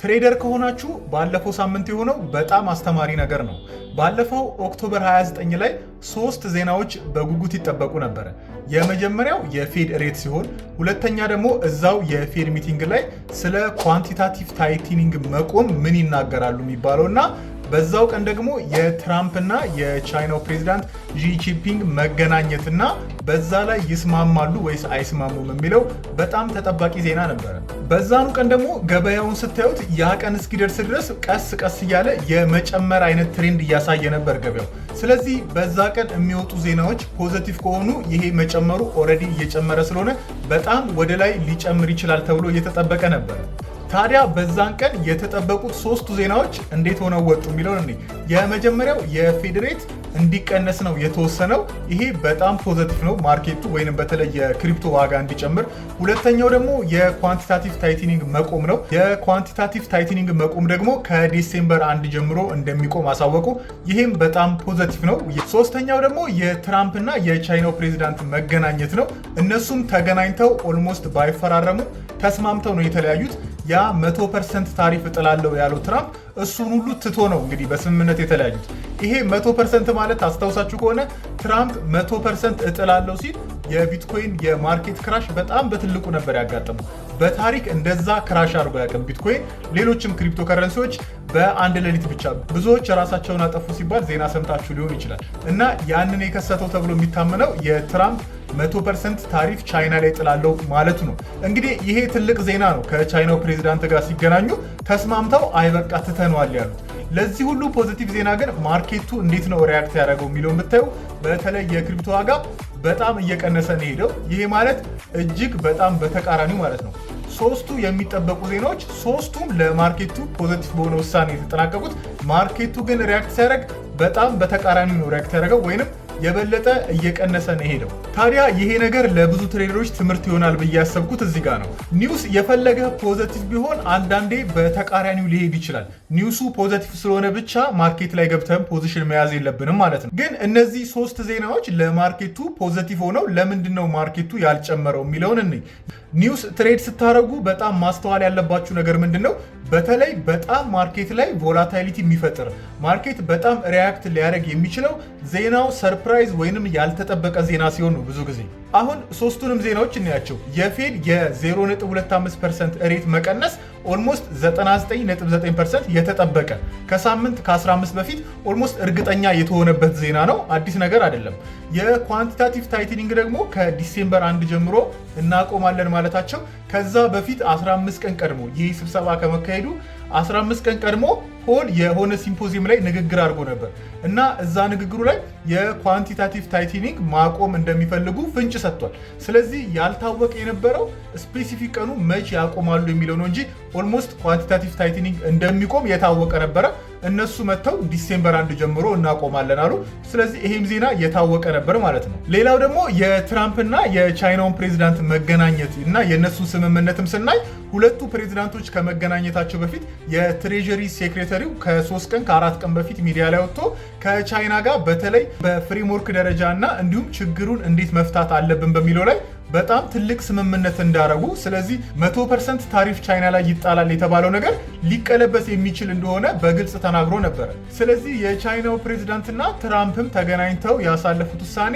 ትሬደር ከሆናችሁ ባለፈው ሳምንት የሆነው በጣም አስተማሪ ነገር ነው። ባለፈው ኦክቶበር 29 ላይ ሶስት ዜናዎች በጉጉት ይጠበቁ ነበረ። የመጀመሪያው የፌድ ሬት ሲሆን፣ ሁለተኛ ደግሞ እዛው የፌድ ሚቲንግ ላይ ስለ ኳንቲታቲቭ ታይቲኒንግ መቆም ምን ይናገራሉ የሚባለው እና በዛው ቀን ደግሞ የትራምፕና የቻይናው ፕሬዚዳንት ጂቺፒንግ መገናኘትና በዛ ላይ ይስማማሉ ወይስ አይስማሙም የሚለው በጣም ተጠባቂ ዜና ነበረ። በዛኑ ቀን ደግሞ ገበያውን ስታዩት ያ ቀን እስኪደርስ ድረስ ቀስ ቀስ እያለ የመጨመር አይነት ትሬንድ እያሳየ ነበር ገበያው። ስለዚህ በዛ ቀን የሚወጡ ዜናዎች ፖዘቲቭ ከሆኑ ይሄ መጨመሩ ኦልሬዲ እየጨመረ ስለሆነ በጣም ወደ ላይ ሊጨምር ይችላል ተብሎ እየተጠበቀ ነበር። ታዲያ በዛን ቀን የተጠበቁት ሶስቱ ዜናዎች እንዴት ሆነው ወጡ የሚለውን ኔ የመጀመሪያው የፌዴሬት እንዲቀነስ ነው የተወሰነው። ይሄ በጣም ፖዘቲቭ ነው ማርኬቱ ወይም በተለይ የክሪፕቶ ዋጋ እንዲጨምር። ሁለተኛው ደግሞ የኳንቲታቲቭ ታይትኒንግ መቆም ነው። የኳንቲታቲቭ ታይትኒንግ መቆም ደግሞ ከዲሴምበር አንድ ጀምሮ እንደሚቆም አሳወቁ። ይህም በጣም ፖዘቲቭ ነው። ሶስተኛው ደግሞ የትራምፕና የቻይናው ፕሬዚዳንት መገናኘት ነው። እነሱም ተገናኝተው ኦልሞስት ባይፈራረሙ ተስማምተው ነው የተለያዩት። ያ መቶ ፐርሰንት ታሪፍ እጥላለሁ ያለው ትራምፕ እሱን ሁሉ ትቶ ነው እንግዲህ በስምምነት የተለያዩት። ይሄ መቶ ፐርሰንት ማለት አስታውሳችሁ ከሆነ ትራምፕ መቶ ፐርሰንት እጥላለሁ ሲል የቢትኮይን የማርኬት ክራሽ በጣም በትልቁ ነበር ያጋጠመው። በታሪክ እንደዛ ክራሽ አድርጎ ያቅም ቢትኮይን፣ ሌሎችም ክሪፕቶ ከረንሲዎች በአንድ ሌሊት ብቻ ብዙዎች ራሳቸውን አጠፉ ሲባል ዜና ሰምታችሁ ሊሆን ይችላል። እና ያንን የከሰተው ተብሎ የሚታመነው የትራምፕ መቶ ፐርሰንት ታሪፍ ቻይና ላይ ጥላለው ማለቱ ነው። እንግዲህ ይሄ ትልቅ ዜና ነው። ከቻይናው ፕሬዚዳንት ጋር ሲገናኙ ተስማምተው አይበቃ ትተነዋል ያሉት። ለዚህ ሁሉ ፖዚቲቭ ዜና ግን ማርኬቱ እንዴት ነው ሪያክት ያደረገው የሚለው የምታዩ በተለይ የክሪፕቶ ዋጋ በጣም እየቀነሰ ነው ሄደው። ይሄ ማለት እጅግ በጣም በተቃራኒው ማለት ነው። ሶስቱ የሚጠበቁ ዜናዎች ሶስቱም ለማርኬቱ ፖዘቲቭ በሆነ ውሳኔ የተጠናቀቁት፣ ማርኬቱ ግን ሪያክት ሲያደርግ በጣም በተቃራኒ ነው ሪያክት ያደረገው ወይንም የበለጠ እየቀነሰ ነው ሄደው። ታዲያ ይሄ ነገር ለብዙ ትሬደሮች ትምህርት ይሆናል ብዬ ያሰብኩት እዚህ ጋር ነው። ኒውስ የፈለገ ፖዘቲቭ ቢሆን አንዳንዴ በተቃራኒው ሊሄድ ይችላል። ኒውሱ ፖዘቲቭ ስለሆነ ብቻ ማርኬት ላይ ገብተን ፖዚሽን መያዝ የለብንም ማለት ነው። ግን እነዚህ ሶስት ዜናዎች ለማርኬቱ ፖዘቲቭ ሆነው ለምንድን ነው ማርኬቱ ያልጨመረው የሚለውን እንይ። ኒውስ ትሬድ ስታደርጉ በጣም ማስተዋል ያለባችሁ ነገር ምንድን ነው? በተለይ በጣም ማርኬት ላይ ቮላታይሊቲ የሚፈጥር ማርኬት በጣም ሪያክት ሊያደርግ የሚችለው ዜናው ሰርፕራይዝ ወይንም ያልተጠበቀ ዜና ሲሆን ነው ብዙ ጊዜ አሁን ሶስቱንም ዜናዎች እናያቸው። የፌድ የ0.25% ሬት መቀነስ ኦልሞስት 99.9% የተጠበቀ ከሳምንት ከ15 በፊት ኦልሞስት እርግጠኛ የተሆነበት ዜና ነው። አዲስ ነገር አይደለም። የኳንቲታቲቭ ታይትኒንግ ደግሞ ከዲሴምበር አንድ ጀምሮ እናቆማለን ማለታቸው ከዛ በፊት 15 ቀን ቀድሞ ይህ ስብሰባ ከመካሄዱ 15 ቀን ቀድሞ ፖል የሆነ ሲምፖዚየም ላይ ንግግር አድርጎ ነበር እና እዛ ንግግሩ ላይ የኳንቲታቲቭ ታይቲኒንግ ማቆም እንደሚፈልጉ ፍንጭ ሰጥቷል። ስለዚህ ያልታወቀ የነበረው ስፔሲፊክ ቀኑ መቼ ያቆማሉ የሚለው ነው እንጂ ኦልሞስት ኳንቲታቲቭ ታይቲኒንግ እንደሚቆም የታወቀ ነበረ። እነሱ መጥተው ዲሴምበር አንድ ጀምሮ እናቆማለን አሉ። ስለዚህ ይሄም ዜና የታወቀ ነበር ማለት ነው። ሌላው ደግሞ የትራምፕና የቻይናውን ፕሬዚዳንት መገናኘት እና የእነሱን ስምምነትም ስናይ ሁለቱ ፕሬዚዳንቶች ከመገናኘታቸው በፊት የትሬጀሪ ሴክሬተሪው ከሶስት ቀን ከአራት ቀን በፊት ሚዲያ ላይ ወጥቶ ከቻይና ጋር በተለይ በፍሬምወርክ ደረጃ እና እንዲሁም ችግሩን እንዴት መፍታት አለብን በሚለው ላይ በጣም ትልቅ ስምምነት እንዳረጉ፣ ስለዚህ መቶ ፐርሰንት ታሪፍ ቻይና ላይ ይጣላል የተባለው ነገር ሊቀለበስ የሚችል እንደሆነ በግልጽ ተናግሮ ነበረ። ስለዚህ የቻይናው ፕሬዚዳንትና ትራምፕም ተገናኝተው ያሳለፉት ውሳኔ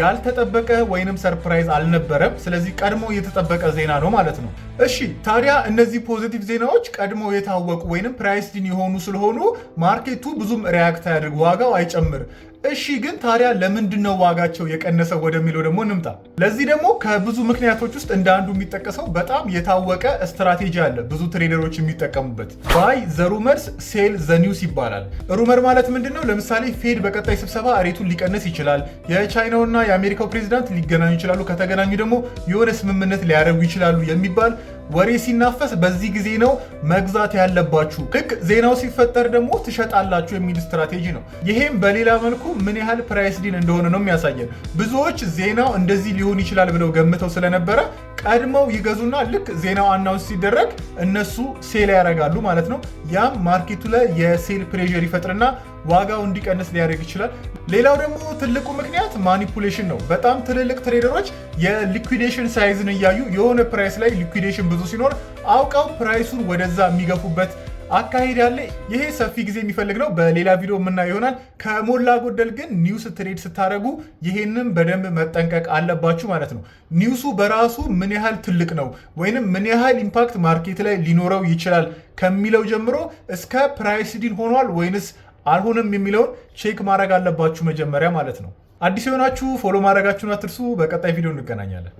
ያልተጠበቀ ወይንም ሰርፕራይዝ አልነበረም። ስለዚህ ቀድሞ የተጠበቀ ዜና ነው ማለት ነው። እሺ ታዲያ እነዚህ ፖዚቲቭ ዜናዎች ቀድሞ የታወቁ ወይንም ፕራይስዲን የሆኑ ስለሆኑ ማርኬቱ ብዙም ሪያክት አያደርግ፣ ዋጋው አይጨምር። እሺ ግን ታዲያ ለምንድን ነው ዋጋቸው የቀነሰው ወደሚለው ደግሞ እንምጣ። ለዚህ ደግሞ ከብዙ ምክንያቶች ውስጥ እንደ አንዱ የሚጠቀሰው በጣም የታወቀ ስትራቴጂ አለ ብዙ ትሬደሮች የሚጠቀሙበት ባይ ዘ ሩመርስ ሴል ዘ ኒውስ ይባላል። ሩመር ማለት ምንድን ነው? ለምሳሌ ፌድ በቀጣይ ስብሰባ ሬቱን ሊቀንስ ይችላል። የቻይናውና የአሜሪካው ፕሬዚዳንት ሊገናኙ ይችላሉ። ከተገናኙ ደግሞ የሆነ ስምምነት ሊያደርጉ ይችላሉ የሚባል ወሬ ሲናፈስ በዚህ ጊዜ ነው መግዛት ያለባችሁ። ልክ ዜናው ሲፈጠር ደግሞ ትሸጣላችሁ የሚል ስትራቴጂ ነው። ይሄም በሌላ መልኩ ምን ያህል ፕራይስ ዲን እንደሆነ ነው የሚያሳየን። ብዙዎች ዜናው እንደዚህ ሊሆን ይችላል ብለው ገምተው ስለነበረ ቀድመው ይገዙና ልክ ዜናው አናውንስ ሲደረግ እነሱ ሴል ያደርጋሉ ማለት ነው። ያም ማርኬቱ ላይ የሴል ፕሬዥር ይፈጥርና ዋጋው እንዲቀንስ ሊያደርግ ይችላል። ሌላው ደግሞ ትልቁ ምክንያት ማኒፑሌሽን ነው። በጣም ትልልቅ ትሬደሮች የሊኩዴሽን ሳይዝን እያዩ የሆነ ፕራይስ ላይ ሊኩዴሽን ብዙ ሲኖር አውቀው ፕራይሱን ወደዛ የሚገፉበት አካሄድ ያለ። ይሄ ሰፊ ጊዜ የሚፈልግ ነው። በሌላ ቪዲዮ የምናየው ይሆናል። ከሞላ ጎደል ግን ኒውስ ትሬድ ስታደርጉ ይሄንን በደንብ መጠንቀቅ አለባችሁ ማለት ነው። ኒውሱ በራሱ ምን ያህል ትልቅ ነው ወይንም ምን ያህል ኢምፓክት ማርኬት ላይ ሊኖረው ይችላል ከሚለው ጀምሮ እስከ ፕራይስ ዲን ሆኗል ወይንስ አልሆነም የሚለውን ቼክ ማድረግ አለባችሁ መጀመሪያ ማለት ነው። አዲስ የሆናችሁ ፎሎ ማድረጋችሁን አትርሱ። በቀጣይ ቪዲዮ እንገናኛለን።